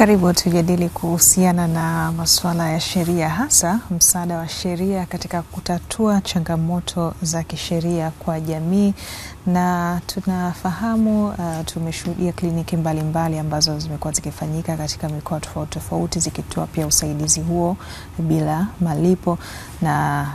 Karibu tujadili kuhusiana na masuala ya sheria, hasa msaada wa sheria katika kutatua changamoto za kisheria kwa jamii. Na tunafahamu uh, tumeshuhudia kliniki mbalimbali mbali ambazo zimekuwa zikifanyika katika mikoa tofauti tofauti zikitoa pia usaidizi huo bila malipo, na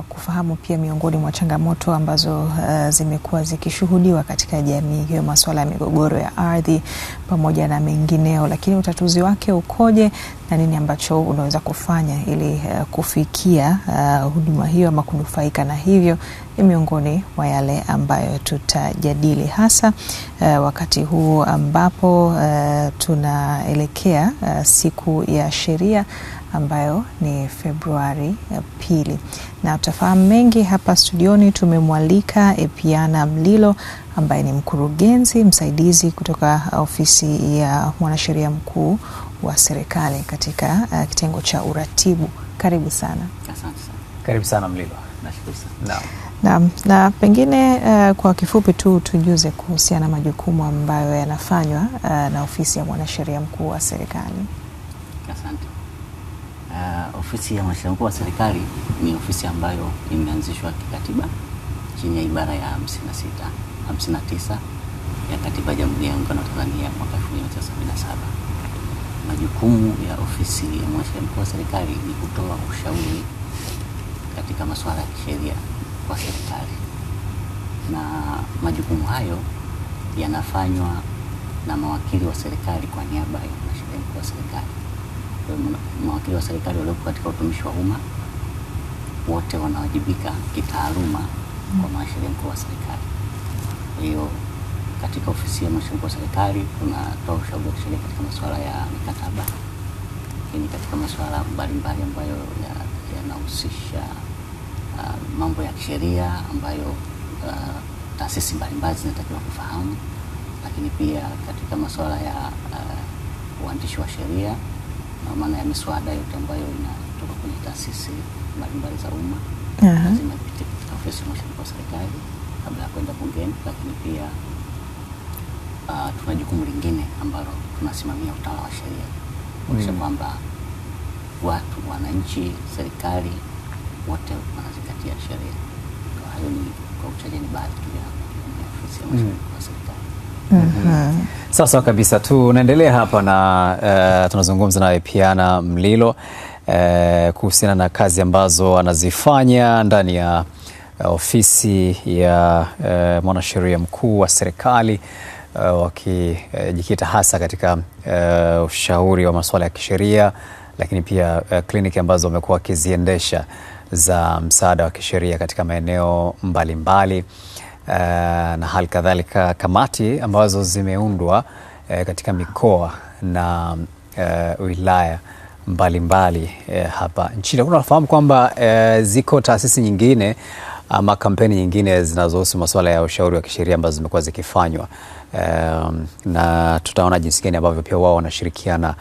uh, kufahamu pia miongoni mwa changamoto ambazo uh, zimekuwa zikishuhudiwa katika jamii, hiyo masuala ya migogoro ya ardhi pamoja na mengineo, lakini utatu uchaguzi wake ukoje na nini ambacho unaweza kufanya ili uh, kufikia uh, huduma hiyo ama kunufaika na hivyo, ni miongoni mwa yale ambayo tutajadili hasa uh, wakati huu ambapo uh, tunaelekea uh, siku ya sheria ambayo ni Februari ya pili, na tutafahamu mengi hapa studioni. Tumemwalika Epiana Mlilo ambaye ni mkurugenzi msaidizi kutoka ofisi ya mwanasheria mkuu wa serikali katika uh, kitengo cha uratibu. Karibu sana. Asante Karibu sana Mlilo. Nashukuru sana. Na, na pengine uh, kwa kifupi tu tujuze kuhusiana na majukumu ambayo yanafanywa uh, na ofisi ya mwanasheria mkuu wa serikali. Asante. Ofisi ya Mwanasheria Mkuu wa Serikali ni ofisi ambayo imeanzishwa kikatiba chini ya ibara ya 56, 59 ya Katiba ya Jamhuri ya Muungano wa Tanzania mwaka 1977. Majukumu ya ofisi ya Mwanasheria Mkuu wa Serikali ni kutoa ushauri katika masuala ya kisheria kwa serikali, na majukumu hayo yanafanywa na mawakili wa serikali kwa niaba ya Mwanasheria Mkuu wa Serikali mawakili wa serikali waliopo katika utumishi wa umma wote wanawajibika kitaaluma kwa mwanasheria mm. mkuu wa serikali. Kwa hiyo katika ofisi ya mwanasheria mkuu wa serikali tunatoa ushauri wa kisheria katika masuala ya mikataba, lakini katika masuala mbalimbali ambayo yanahusisha ya uh, mambo ya kisheria ambayo uh, taasisi mbalimbali zinatakiwa kufahamu, lakini pia katika masuala ya uh, uandishi wa sheria maana ya miswada yote ambayo inatoka kwenye taasisi mbalimbali za umma lazima ipitie katika ofisi ya mashauri wa serikali kabla ya kwenda bungeni, lakini pia uh, tuna jukumu lingine ambalo tunasimamia utawala wa sheria kuonyesha mm. kwamba watu, wananchi, serikali wote wanazingatia sheria. Kwa ni kwa uchaji, ni baadhi tu ya ofisi ya mashauri mm. wa serikali. Mm -hmm. Sasa kabisa tunaendelea hapa na uh, tunazungumza naye Piana Mlilo uh, kuhusiana na kazi ambazo anazifanya ndani ya eh, ofisi ya uh, mwanasheria mkuu wa serikali uh, wakijikita uh, hasa katika uh, ushauri wa masuala ya kisheria, lakini pia uh, kliniki ambazo wamekuwa wakiziendesha za msaada wa kisheria katika maeneo mbalimbali mbali. Eh, na hali kadhalika kamati ambazo zimeundwa uh, katika mikoa na uh, wilaya mbalimbali mbali, hapa nchini. nafahamu kwamba uh, ziko taasisi nyingine ama kampeni nyingine zinazohusu masuala ya ushauri wa kisheria ambazo zimekuwa zikifanywa um, na tutaona jinsi gani ambavyo pia wao wanashirikiana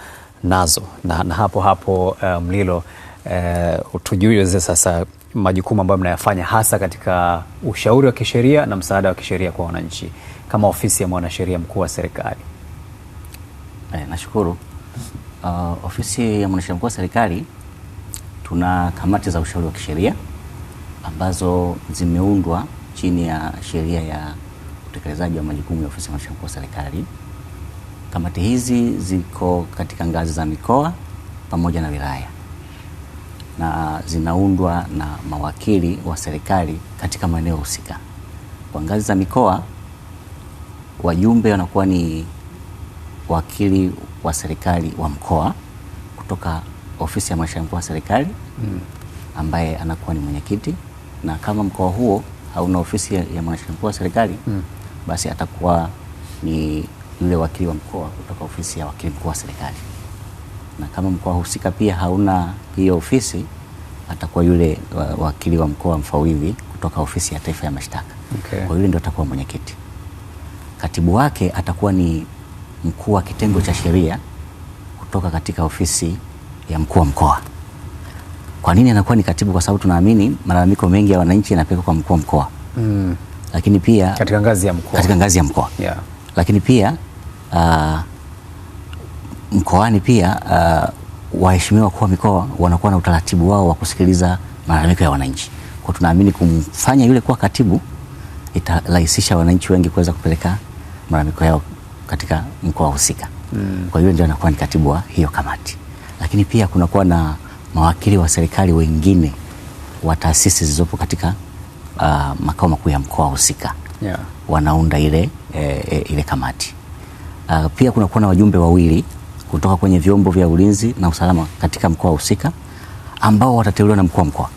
nazo na, na hapo hapo mlilo um, uh, tujue sasa majukumu ambayo mnayafanya hasa katika ushauri wa kisheria na msaada wa kisheria kwa wananchi kama ofisi ya mwanasheria mkuu wa serikali? E, nashukuru. Uh, ofisi ya mwanasheria mkuu wa serikali tuna kamati za ushauri wa kisheria ambazo zimeundwa chini ya sheria ya utekelezaji wa majukumu ya ofisi ya mwanasheria mkuu wa serikali. Kamati hizi ziko katika ngazi za mikoa pamoja na wilaya na zinaundwa na mawakili wa serikali katika maeneo husika. Kwa ngazi za mikoa, wajumbe wanakuwa ni wakili wa serikali wa mkoa kutoka ofisi ya mashauri mkuu wa serikali hmm. ambaye anakuwa ni mwenyekiti, na kama mkoa huo hauna ofisi ya mashauri mkuu wa serikali mm, basi atakuwa ni yule wakili wa mkoa kutoka ofisi ya wakili mkuu wa serikali, na kama mkoa husika pia hauna hiyo ofisi atakuwa yule wakili wa mkoa mfawidhi kutoka ofisi ya taifa ya mashtaka. Okay. Kwa yule ndio atakuwa mwenyekiti. Katibu wake atakuwa ni mkuu wa kitengo cha sheria kutoka katika ofisi ya mkuu wa mkoa. Kwa nini anakuwa ni katibu? Kwa sababu tunaamini malalamiko mengi ya wananchi yanapelekwa kwa mkuu wa mkoa. Mm. Lakini pia katika ngazi ya mkoa, katika ngazi ya mkoa. Yeah. Lakini pia uh, mkoani pia uh, waheshimiwa wakuu wa mikoa wanakuwa na utaratibu wao wa kusikiliza malalamiko ya wananchi. Kwa tunaamini kumfanya yule kuwa katibu itarahisisha wananchi wengi kuweza kupeleka malalamiko yao katika mkoa husika. Mm. Kwa hiyo ndio anakuwa ni katibu wa hiyo kamati, lakini pia kunakuwa na mawakili wa serikali wengine wa taasisi zilizopo katika uh, makao makuu ya mkoa husika yeah. Wanaunda ile, e, e, ile kamati uh, pia kunakuwa na wajumbe wawili kutoka kwenye vyombo vya ulinzi na usalama katika mkoa husika ambao watateuliwa na mkuu wa mkoa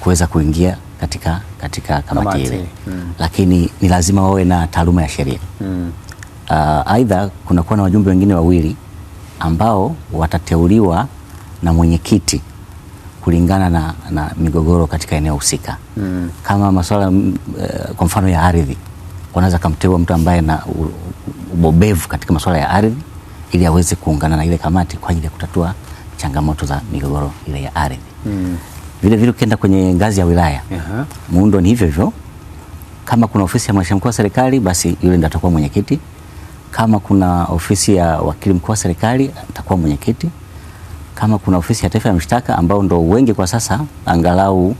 kuweza kuingia katika, katika kamati ile hmm. Lakini ni lazima wawe na taaluma ya sheria hmm. Uh, aidha kunakuwa na wajumbe wengine wawili ambao watateuliwa na mwenyekiti kulingana na, na migogoro katika eneo husika hmm. Kama masuala uh, kwa mfano ya ardhi wanaweza kamteua mtu ambaye na ubobevu katika masuala ya ardhi ili aweze kuungana na ile kamati kwa ajili ya kutatua changamoto za migogoro ile ya ardhi. Mm. Vile vile ukienda kwenye ngazi ya wilaya. uh -huh. Muundo ni hivyo hivyo. Kama kuna ofisi ya mwanasheria mkuu wa serikali basi yule ndiye atakuwa mwenyekiti. Kama kuna ofisi ya wakili mkuu wa serikali atakuwa mwenyekiti. Kama kuna ofisi ya taifa ya mshtaka ambao ndo wengi kwa sasa angalau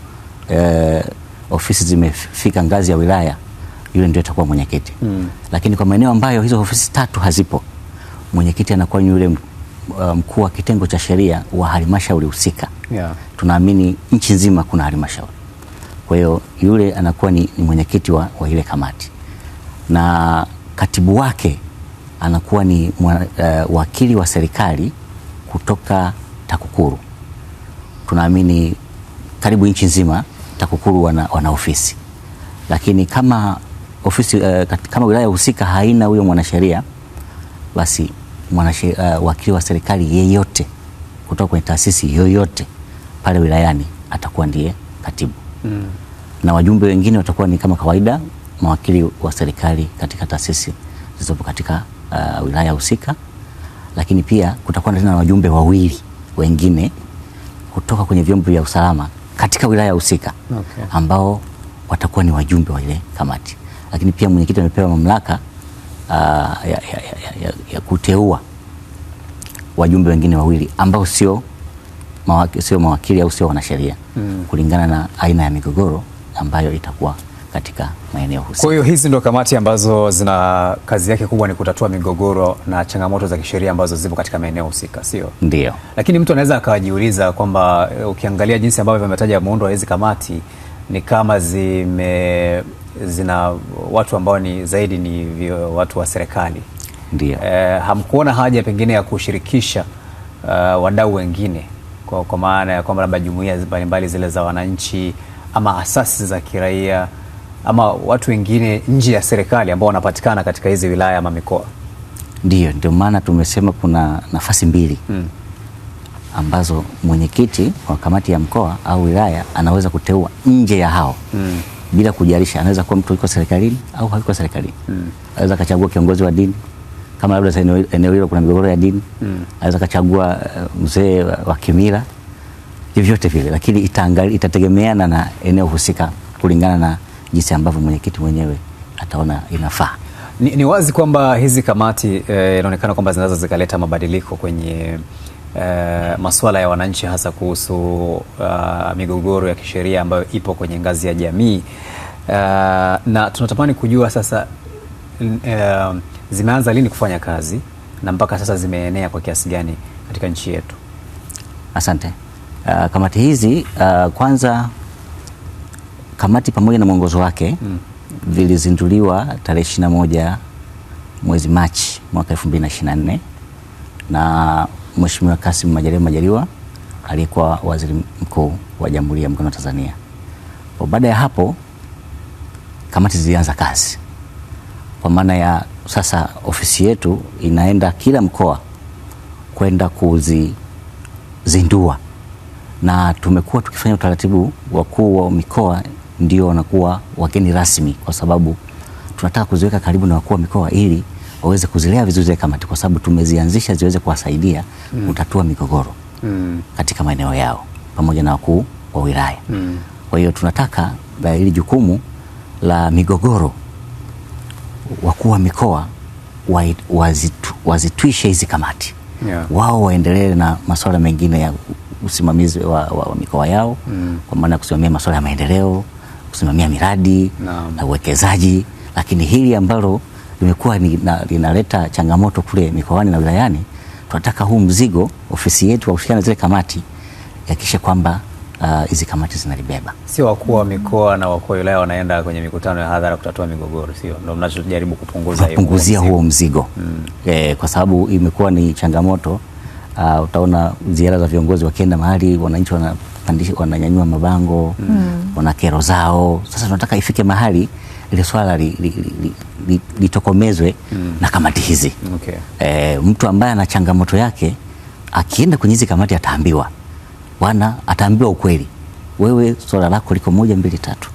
eh, ofisi zimefika ngazi ya wilaya, yule ndiye atakuwa mwenyekiti. Mm. Lakini kwa maeneo ambayo hizo ofisi tatu hazipo mwenyekiti anakuwa yule uh, mkuu wa kitengo cha sheria wa halmashauri husika yeah. Tunaamini nchi nzima kuna halmashauri, kwa hiyo yule anakuwa ni, ni mwenyekiti wa, wa ile kamati na katibu wake anakuwa ni mwa, uh, wakili wa serikali kutoka TAKUKURU. Tunaamini karibu nchi nzima TAKUKURU wana, wana ofisi, lakini kama ofisi uh, kama wilaya husika haina huyo mwanasheria basi mwanashe, uh, wakili wa serikali yeyote kutoka kwenye taasisi yoyote pale wilayani atakuwa ndiye katibu mm. na wajumbe wengine watakuwa ni kama kawaida mawakili wa serikali katika taasisi zilizopo katika uh, wilaya husika, lakini pia kutakuwa tena na wajumbe wawili wengine kutoka kwenye vyombo vya usalama katika wilaya husika okay. ambao watakuwa ni wajumbe wa ile kamati, lakini pia mwenyekiti amepewa mamlaka ya, ya, ya, ya, ya kuteua wajumbe wengine wawili ambao sio mawakili, sio mawakili au sio wanasheria mm. kulingana na aina ya migogoro ambayo itakuwa katika maeneo husika. Kwa hiyo hizi ndio kamati ambazo zina kazi yake kubwa ni kutatua migogoro na changamoto za kisheria ambazo zipo katika maeneo husika, sio ndio? Lakini mtu anaweza akajiuliza kwamba ukiangalia jinsi ambavyo vimetaja muundo wa hizi kamati ni kama zime zina watu ambao ni zaidi ni watu wa serikali ndio. E, hamkuona haja pengine ya kushirikisha uh, wadau wengine kwa, kwa maana ya kwamba labda jumuiya mbalimbali zile za wananchi ama asasi za kiraia ama watu wengine nje ya serikali ambao wanapatikana katika hizi wilaya ama mikoa? Ndio, ndio maana tumesema kuna nafasi mbili hmm, ambazo mwenyekiti wa kamati ya mkoa au wilaya anaweza kuteua nje ya hao hmm bila kujarisha anaweza kuwa mtu yuko serikalini au hayuko serikalini mm. anaweza akachagua kiongozi wa dini kama labda eneo hilo kuna migogoro ya dini mm. anaweza akachagua eh, mzee wa kimila vyovyote vile, lakini itategemeana na eneo husika kulingana na jinsi ambavyo mwenyekiti mwenyewe ataona inafaa. Ni, ni wazi kwamba hizi kamati eh, inaonekana eh, kwamba zinaweza zikaleta mabadiliko kwenye eh, masuala ya wananchi hasa kuhusu uh, migogoro ya kisheria ambayo ipo kwenye ngazi ya jamii uh, na tunatamani kujua sasa uh, zimeanza lini kufanya kazi na mpaka sasa zimeenea kwa kiasi gani katika nchi yetu? Asante. Uh, kamati hizi uh, kwanza kamati pamoja na mwongozo wake mm. vilizinduliwa tarehe 21 mwezi Machi mwaka 2024 na Mheshimiwa Kassim Majaliwa Majaliwa aliyekuwa waziri mkuu wa Jamhuri ya Muungano wa Tanzania. Baada ya hapo kamati zilianza kazi, kwa maana ya sasa ofisi yetu inaenda kila mkoa kwenda kuzizindua, na tumekuwa tukifanya utaratibu, wakuu wa mikoa ndio wanakuwa wageni rasmi, kwa sababu tunataka kuziweka karibu na wakuu wa mikoa ili waweze kuzilea vizuri zile kamati, kwa sababu tumezianzisha ziweze kuwasaidia mm. kutatua migogoro mm. katika maeneo yao pamoja na wakuu wa wilaya mm. Kwa hiyo tunataka hili jukumu la migogoro wakuu wa mikoa wazitu, wazitwishe hizi kamati yeah. Wao waendelee na masuala mengine ya usimamizi wa, wa, wa mikoa yao mm. kwa maana ya kusimamia masuala ya maendeleo, kusimamia miradi no. na uwekezaji, lakini hili ambalo limekuwa linaleta changamoto kule mikoani na wilayani. Tunataka huu mzigo ofisi yetu wa ushirikiano zile kamati yakishe kwamba uh, hizi uh, kamati zinalibeba. Sio wakuu wa mikoa na wakuu wa wilaya wanaenda kwenye mikutano ya hadhara kutatua migogoro, sio ndio? Mnachojaribu kupunguza hiyo, kupunguzia huo mzigo mm. E, kwa sababu imekuwa ni changamoto uh, utaona ziara za viongozi wakienda mahali wananchi wananyanyua mabango mm. wana kero zao. Sasa tunataka ifike mahali ile swala litokomezwe li, li, li, li li mm. na kamati hizi okay. E, mtu ambaye ana changamoto yake akienda kwenye hizi kamati ataambiwa wana, ataambiwa ukweli, wewe swala lako liko moja mbili tatu,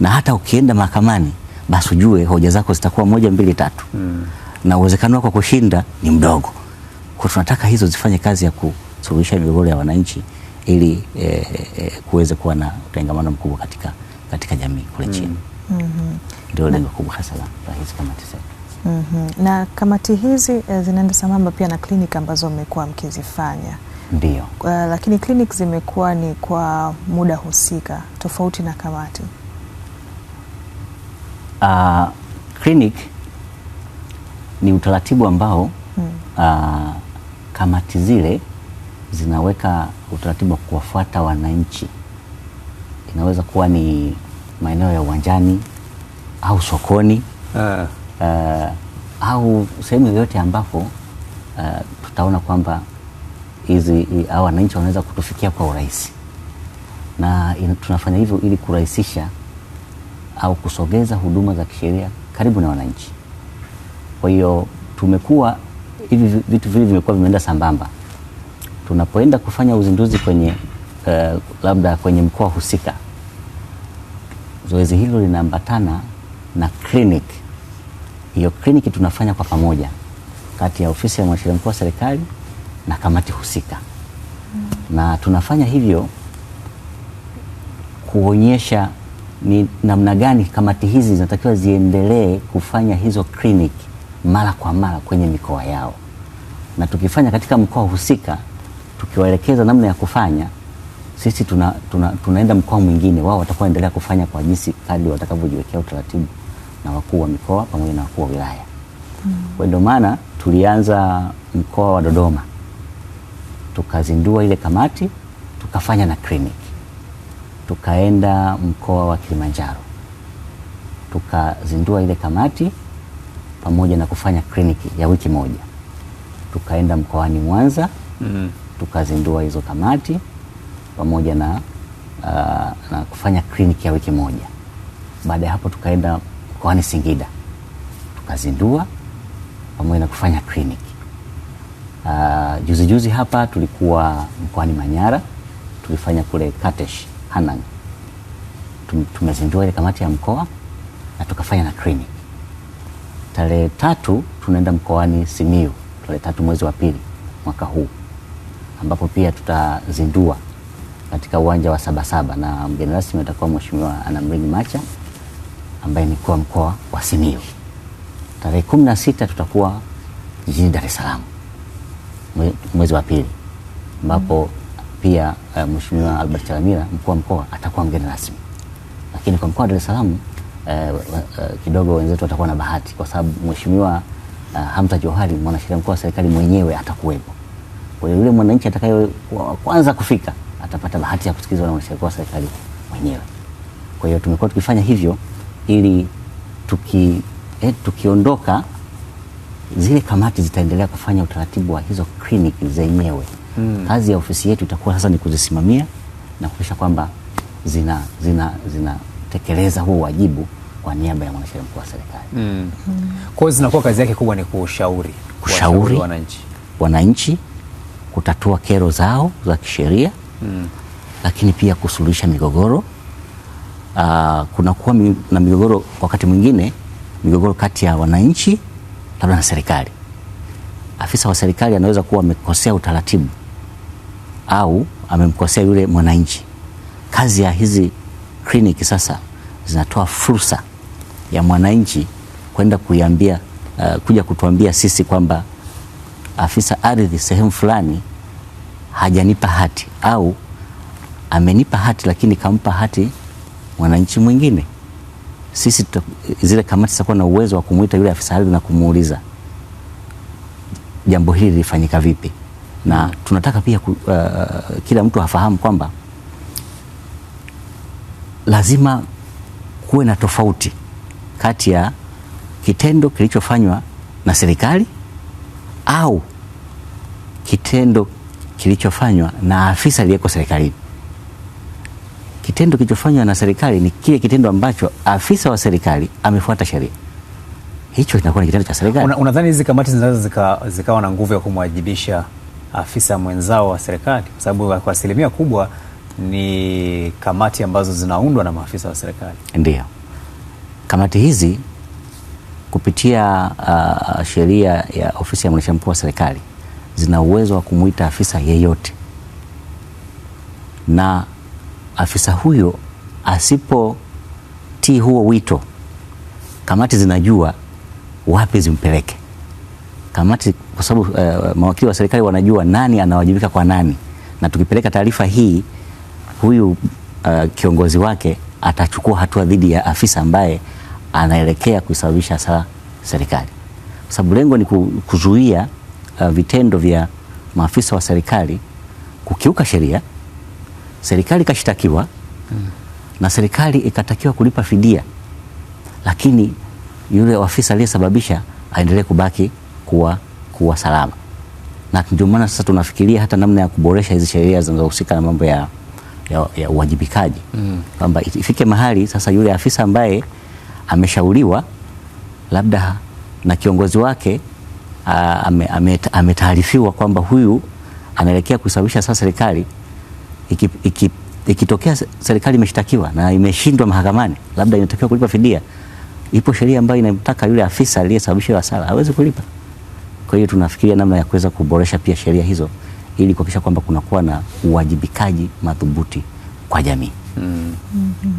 na hata ukienda mahakamani basi ujue hoja zako zitakuwa moja mbili tatu mm. na uwezekano wako kushinda ni mdogo. Kwa tunataka hizo zifanye kazi ya kusuluhisha migogoro ya wananchi ili eh, eh, kuweze kuwa na utengamano mkubwa katika, katika jamii kule mm. chini mm. Mm-hmm. Ndio lengo kubwa hasa la hizi kamati zetu. Mm -hmm. Na kamati hizi eh, zinaenda sambamba pia na kliniki ambazo mmekuwa mkizifanya. Ndio. Uh, lakini kliniki zimekuwa ni kwa muda husika tofauti na kamati. Uh, ah, kliniki ni utaratibu ambao mm. uh, kamati zile zinaweka utaratibu wa kuwafuata wananchi. Inaweza kuwa ni maeneo ya uwanjani au sokoni uh. Uh, au sehemu yoyote ambapo uh, tutaona kwamba hizi au wananchi wanaweza kutufikia kwa urahisi, na in, tunafanya hivyo ili kurahisisha au kusogeza huduma za kisheria karibu na wananchi. Kwa hiyo tumekuwa hivi vitu vile vimekuwa vimeenda sambamba. Tunapoenda kufanya uzinduzi kwenye uh, labda kwenye mkoa husika zoezi hilo linaambatana na kliniki. Hiyo kliniki tunafanya kwa pamoja kati ya ofisi ya mwanasheria mkuu wa serikali na kamati husika na tunafanya hivyo kuonyesha ni namna gani kamati hizi zinatakiwa ziendelee kufanya hizo kliniki mara kwa mara kwenye mikoa yao, na tukifanya katika mkoa husika tukiwaelekeza namna ya kufanya sisi tuna, tuna, tunaenda mkoa mwingine, wao watakuwa endelea kufanya kwa jinsi kadri watakavyojiwekea utaratibu na wakuu wa mikoa pamoja na wakuu wa wilaya mm. Kwa ndio maana tulianza mkoa wa Dodoma tukazindua ile kamati tukafanya na kliniki, tukaenda mkoa wa Kilimanjaro tukazindua ile kamati pamoja na kufanya kliniki ya wiki moja, tukaenda mkoani Mwanza mm. tukazindua hizo kamati pamoja na, uh, na kufanya kliniki ya wiki moja. Baada ya hapo tukaenda mkoani Singida tukazindua pamoja na kufanya kliniki. Uh, juzi juzi hapa tulikuwa mkoani Manyara tulifanya kule Katesh Hanang, tumezindua ile kamati ya mkoa na tukafanya na kliniki. Tarehe tatu tunaenda mkoani simiu tarehe tatu mwezi wa pili mwaka huu ambapo pia tutazindua katika uwanja wa Sabasaba na mgeni rasmi atakuwa Mheshimiwa Anamringi Macha ambaye ni mkuu wa mkoa wa Simiyu. Tarehe kumi na sita tutakuwa jijini Dar es Salaam mwezi wa pili ambapo mm -hmm. pia uh, Mheshimiwa Albert Chalamila mkuu wa mkoa atakuwa mgeni rasmi, lakini kwa mkoa wa Dar es Salaam uh, uh, kidogo wenzetu watakuwa na bahati kwa sababu Mheshimiwa uh, Hamza Johari mwanasheria mkuu wa serikali mwenyewe atakuwepo. Kwa hiyo yule mwananchi atakaye kwanza kufika atapata bahati ya kusikizwa na mwanasheria wa serikali mwenyewe. Kwa hiyo tumekuwa tukifanya hivyo ili tuki, eh, tukiondoka zile kamati zitaendelea kufanya utaratibu wa hizo kliniki zenyewe. Hmm. Kazi ya ofisi yetu itakuwa sasa ni kuzisimamia na kuhakikisha kwamba zina zinatekeleza zina huo wajibu kwa niaba ya mwanasheria mkuu wa serikali. Mm. Hmm. Kwa hiyo zinakuwa kazi yake kubwa ni kushauri kushauri wananchi wananchi kutatua kero zao za kisheria lakini pia kusuluhisha migogoro uh, kunakuwa mi, na migogoro wakati mwingine migogoro kati ya wananchi labda na serikali. Afisa wa serikali anaweza kuwa amekosea utaratibu au amemkosea yule mwananchi. Kazi ya hizi kliniki sasa zinatoa fursa ya mwananchi kwenda kuiambia, uh, kuja kutuambia sisi kwamba afisa ardhi sehemu fulani hajanipa hati au amenipa hati lakini kampa hati mwananchi mwingine, sisi zile kamati zitakuwa na uwezo wa kumwita yule afisa ardhi na kumuuliza jambo hili lilifanyika vipi, na tunataka pia ku, uh, kila mtu afahamu kwamba lazima kuwe na tofauti kati ya kitendo kilichofanywa na serikali au kitendo kilichofanywa na afisa aliyeko serikalini. Kitendo kilichofanywa na serikali ni kile kitendo ambacho afisa wa serikali amefuata sheria, hicho kinakuwa ni kitendo cha serikali. unadhani hizi kamati zinaweza zikawa zika na nguvu ya kumwajibisha afisa mwenzao wa serikali? Kwa sababu kwa asilimia kubwa ni kamati ambazo zinaundwa na maafisa wa serikali. Ndio, kamati hizi kupitia uh, sheria ya ofisi ya mwendesha mkuu wa serikali zina uwezo wa kumwita afisa yeyote, na afisa huyo asipotii huo wito, kamati zinajua wapi zimpeleke kamati, kwa sababu uh, mawakili wa serikali wanajua nani anawajibika kwa nani, na tukipeleka taarifa hii huyu uh, kiongozi wake atachukua hatua dhidi ya afisa ambaye anaelekea kuisababisha hasara serikali, kwa sababu lengo ni kuzuia uh, vitendo vya maafisa wa serikali kukiuka sheria, serikali ikashitakiwa mm. na serikali ikatakiwa kulipa fidia, lakini yule afisa aliyesababisha aendelee kubaki kuwa, kuwa salama, na ndio maana sasa tunafikiria hata namna ya kuboresha hizi sheria zinazohusika na mambo ya, ya, ya uwajibikaji mm. kwamba ifike mahali sasa yule afisa ambaye ameshauriwa labda na kiongozi wake Uh, ametaarifiwa ame kwamba huyu anaelekea kusawisha sasa serikali ikitokea iki, iki serikali imeshtakiwa na imeshindwa mahakamani, labda inatakiwa kulipa fidia, ipo sheria ambayo inamtaka yule afisa aliyesababisha hasara aweze kulipa. Kwa hiyo tunafikiria namna ya kuweza kuboresha pia sheria hizo ili kuhakikisha kwamba kunakuwa na uwajibikaji madhubuti kwa jamii. mm. Mm -hmm.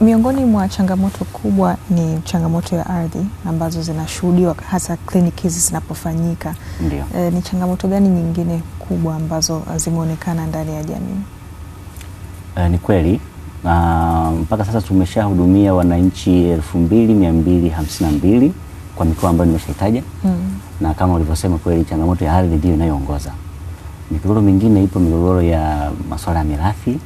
Miongoni mwa changamoto kubwa ni changamoto ya ardhi ambazo zinashuhudiwa hasa kliniki hizi zinapofanyika. Ndio. E, ni changamoto gani nyingine kubwa ambazo zimeonekana ndani ya jamii? E, ni kweli mpaka sasa tumeshahudumia wananchi elfu mbili mia mbili hamsini na mbili kwa mikoa ambayo nimeshaitaja mm. Na kama ulivyosema kweli, changamoto ya ardhi ndio inayoongoza. Migogoro mingine ipo migogoro ya masuala ya mirathi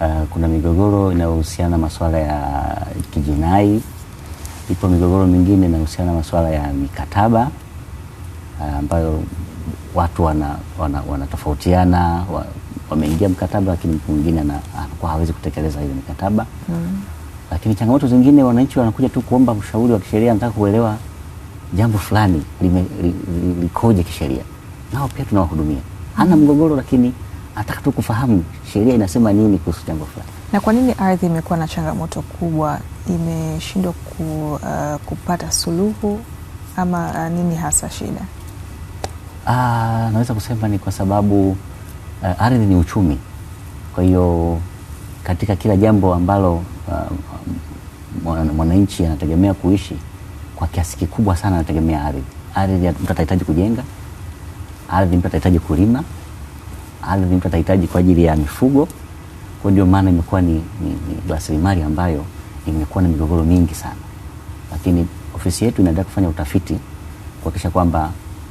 uh, kuna migogoro inayohusiana na masuala ya kijinai, ipo migogoro mingine inayohusiana na masuala ya mikataba eh, ambayo watu wanatofautiana wana, wana wa, wameingia mkataba lakini mtu mwingine anakuwa hawezi kutekeleza ile mikataba mm. Lakini changamoto zingine, wananchi wanakuja tu kuomba ushauri wa kisheria, nataka kuelewa jambo fulani likoje li, li, li, kisheria, nao pia tunawahudumia. Hana mgogoro lakini anataka tu kufahamu sheria inasema nini kuhusu jambo fulani. Na kwa nini ardhi imekuwa na changamoto kubwa, imeshindwa ku, uh, kupata suluhu ama uh, nini hasa shida? Ah, naweza kusema ni kwa sababu uh, ardhi ni uchumi. Kwa hiyo katika kila jambo ambalo uh, mwananchi anategemea kuishi kwa kiasi kikubwa sana anategemea ardhi. Ardhi mtu atahitaji kujenga, ardhi mtu atahitaji kulima ardhi mtu atahitaji kwa ajili ya mifugo. Kwa ndio maana imekuwa ni, ni, ni rasilimali ambayo imekuwa na migogoro mingi sana, lakini ofisi yetu inaendelea kufanya utafiti kuhakikisha kwamba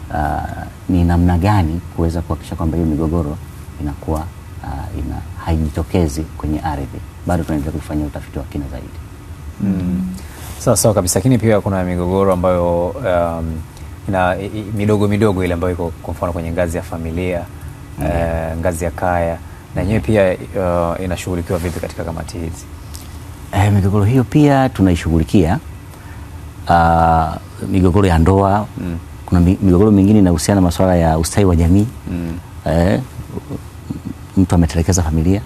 uh, ni namna gani kuweza kuhakikisha kwamba hiyo migogoro inakuwa uh, ina, haijitokezi kwenye ardhi. Bado tunaendelea kufanya utafiti wa kina zaidi. Mm. Sawa sawa kabisa, lakini pia kuna migogoro ambayo um, ina, midogo midogo ile ambayo iko kwa mfano kwenye ngazi ya familia eh, ngazi ya kaya na yenyewe pia uh, inashughulikiwa vipi katika kamati hizi? Eh, migogoro hiyo pia tunaishughulikia uh, migogoro ya ndoa mm. Kuna migogoro mingine inahusiana na masuala ya ustawi wa jamii mm. Eh, mtu ametelekeza familia,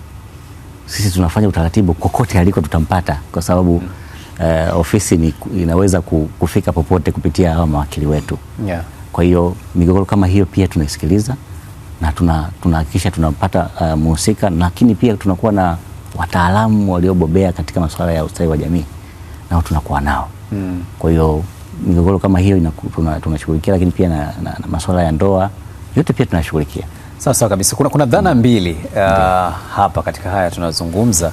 sisi tunafanya utaratibu kokote aliko tutampata, kwa sababu mm. eh, ofisi ni, inaweza kufika popote kupitia hawa mawakili wetu yeah. Kwa hiyo migogoro kama hiyo pia tunaisikiliza na tunahakikisha tuna tunapata uh, muhusika, lakini pia tunakuwa na wataalamu waliobobea katika masuala ya ustawi wa jamii, nao tunakuwa nao mm. Kwa hiyo migogoro kama hiyo tunashughulikia, lakini pia na, na, na masuala ya ndoa yote pia tunashughulikia. Sawa sawa kabisa. Kuna, kuna dhana hmm. mbili uh, hapa katika haya tunazungumza,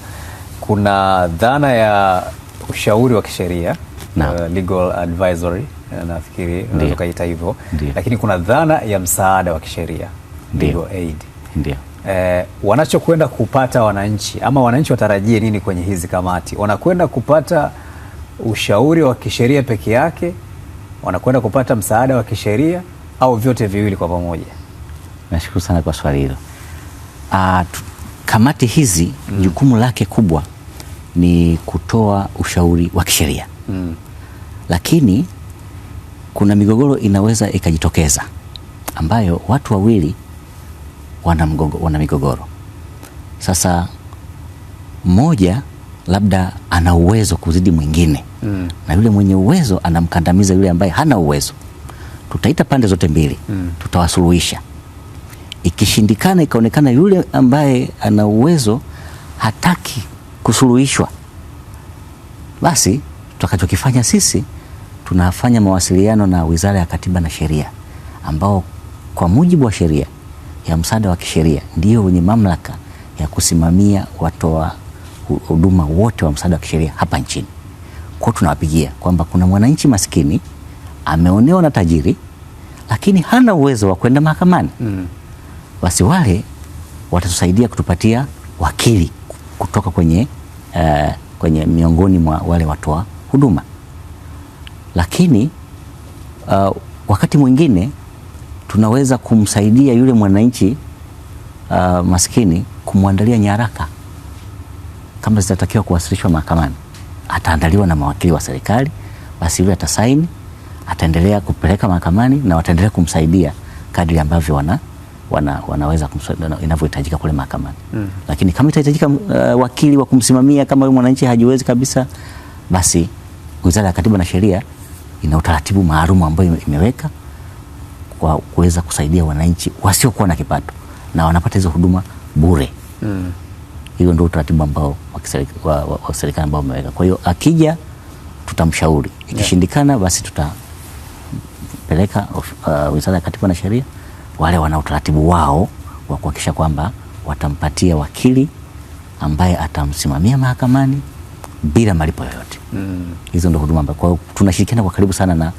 kuna dhana ya ushauri wa kisheria uh, legal advisory uh, nafikiri unaweza uh, ukaita hivyo, lakini kuna dhana ya msaada wa kisheria ndio aid ndio. Eh, wanachokwenda kupata wananchi ama wananchi watarajie nini kwenye hizi kamati? Wanakwenda kupata ushauri wa kisheria peke yake, wanakwenda kupata msaada wa kisheria au vyote viwili kwa pamoja? Nashukuru sana kwa swali hilo. Ah, kamati hizi mm. jukumu lake kubwa ni kutoa ushauri wa kisheria mm. lakini kuna migogoro inaweza ikajitokeza ambayo watu wawili wana, mgogo, wana migogoro. Sasa mmoja labda ana uwezo kuzidi mwingine mm. na yule mwenye uwezo anamkandamiza yule ambaye hana uwezo. Tutaita pande zote mbili mm. tutawasuluhisha. Ikishindikana ikaonekana yule ambaye ana uwezo hataki kusuluhishwa, basi tutakachokifanya sisi tunafanya mawasiliano na Wizara ya Katiba na Sheria, ambao kwa mujibu wa sheria ya msaada wa kisheria ndio wenye mamlaka ya kusimamia watoa huduma wote wa msaada wa kisheria hapa nchini. Kwa tunawapigia kwamba kuna mwananchi maskini ameonewa na tajiri, lakini hana uwezo wa kwenda mahakamani, mm. basi wale watatusaidia kutupatia wakili kutoka kwenye, uh, kwenye miongoni mwa wale watoa huduma, lakini uh, wakati mwingine tunaweza kumsaidia yule mwananchi uh, maskini kumwandalia nyaraka kama zitatakiwa kuwasilishwa mahakamani, ataandaliwa na mawakili wa serikali, basi yule atasaini, ataendelea kupeleka mahakamani na wataendelea kumsaidia kadri ambavyo wana, wana, wanaweza inavyohitajika kule mahakamani mm. Lakini kama itahitajika uh, wakili wa kumsimamia kama yule mwananchi hajiwezi kabisa, basi Wizara ya Katiba na Sheria ina utaratibu maalum ambayo imeweka kwa kuweza kusaidia wananchi wasiokuwa na kipato na wanapata hizo huduma bure. Mm. Hiyo ndio utaratibu ambao wa serikali ambao umeweka. Kwa hiyo akija tutamshauri, ikishindikana yeah, basi tutapeleka uh, Wizara ya Katiba na Sheria. Wale wana utaratibu wao wa kuhakikisha kwamba watampatia wakili ambaye atamsimamia mahakamani bila malipo yoyote. Mm. Hizo ndio huduma ambazo kwa tunashirikiana kwa karibu sana na,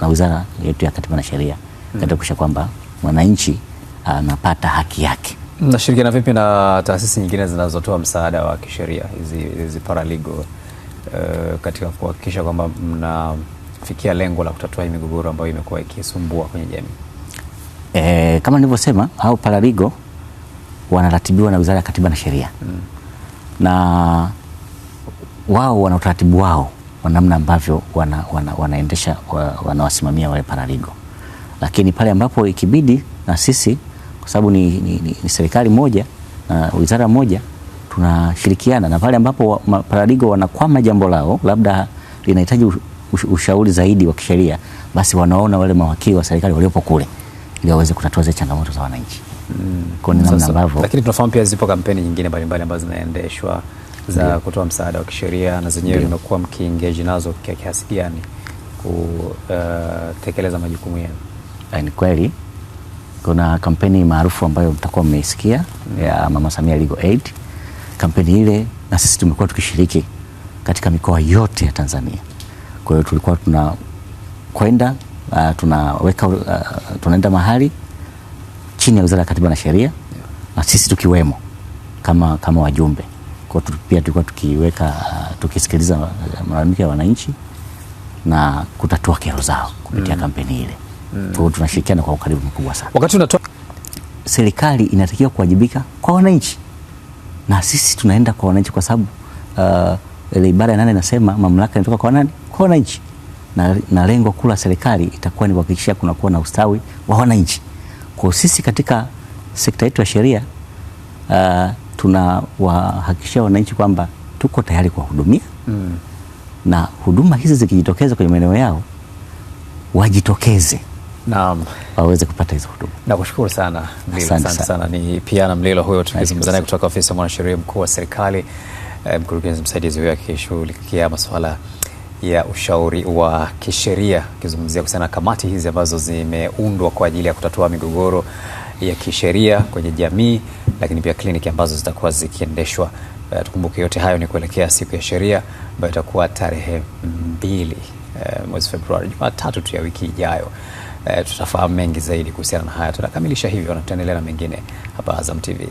na Wizara yetu ya Katiba na Sheria. Mm. kuhakikisha kwamba mwananchi anapata haki yake. Mnashirikiana vipi na taasisi nyingine zinazotoa msaada wa kisheria hizi hizi paralegal uh, katika kuhakikisha kwamba mnafikia lengo la kutatua hii migogoro ambayo imekuwa ikisumbua kwenye jamii? E, kama nilivyosema au paralegal wanaratibiwa na Wizara ya Katiba na Sheria mm. na wao wana utaratibu wao wa namna ambavyo wanaendesha wana, wana wanawasimamia wale paralegal lakini pale ambapo ikibidi na sisi kwa sababu ni, ni, ni, ni serikali moja na wizara moja tunashirikiana, na pale ambapo wa, paradigo wanakwama jambo lao labda linahitaji ushauri zaidi wa kisheria, basi wanaona wale mawakili wa serikali waliopo kule ili waweze kutatua zile changamoto za wananchi. Mm. kwa Lakini tunafahamu pia zipo kampeni nyingine mbalimbali ambazo zinaendeshwa za kutoa msaada wa kisheria na zenyewe zimekuwa mkiengage nazo kwa kiasi gani kutekeleza majukumu yenu? Ah, ni kweli kuna kampeni maarufu ambayo mtakuwa mmeisikia ya Mama Samia Legal Aid. Kampeni ile na sisi tumekuwa tukishiriki katika mikoa yote ya Tanzania. Kwa hiyo tulikuwa tunakwenda uh, ah, tunaweka uh, tunaenda mahali chini ya Wizara ya Katiba na Sheria na sisi tukiwemo kama, kama wajumbe. Kwa hiyo pia tulikuwa tukiweka uh, tukisikiliza malalamiko ya wananchi na kutatua kero zao kupitia mm. kampeni ile. Mm. Kwa tunashirikiana kwa ukaribu mkubwa sana. Wakati unatoa serikali inatakiwa kuwajibika kwa wananchi, na sisi tunaenda kwa wananchi kwa sababu uh, ile ibara ya nane inasema mamlaka inatoka kwa nani? Kwa wananchi. Na, na lengo kuu la serikali itakuwa ni kuhakikisha kunakuwa na ustawi wa wananchi. Kwa sisi katika sekta yetu ya sheria uh, tunawahakikishia wananchi kwamba tuko tayari kuwahudumia mm. na huduma hizi zikijitokeza kwenye maeneo yao wajitokeze. Naam. Waweze kupata hizo huduma. Nakushukuru sana asante sana, sana. Ni Piana Mlilo huyo tukizungumza naye kutoka ofisi ya mwanasheria mkuu wa serikali eh, mkurugenzi msaidizi huyo akishughulikia masuala ya ushauri wa kisheria akizungumzia kuhusiana na kamati hizi ambazo zimeundwa kwa ajili ya kutatua migogoro ya kisheria kwenye jamii, lakini pia kliniki ambazo zitakuwa zikiendeshwa. Uh, tukumbuke yote hayo ni kuelekea siku ya sheria ambayo itakuwa tarehe mbili uh, mwezi Februari, Jumatatu tu ya wiki ijayo. Eh, tutafahamu mengi zaidi kuhusiana na haya. Tunakamilisha hivyo na tutaendelea na mengine hapa Azam TV.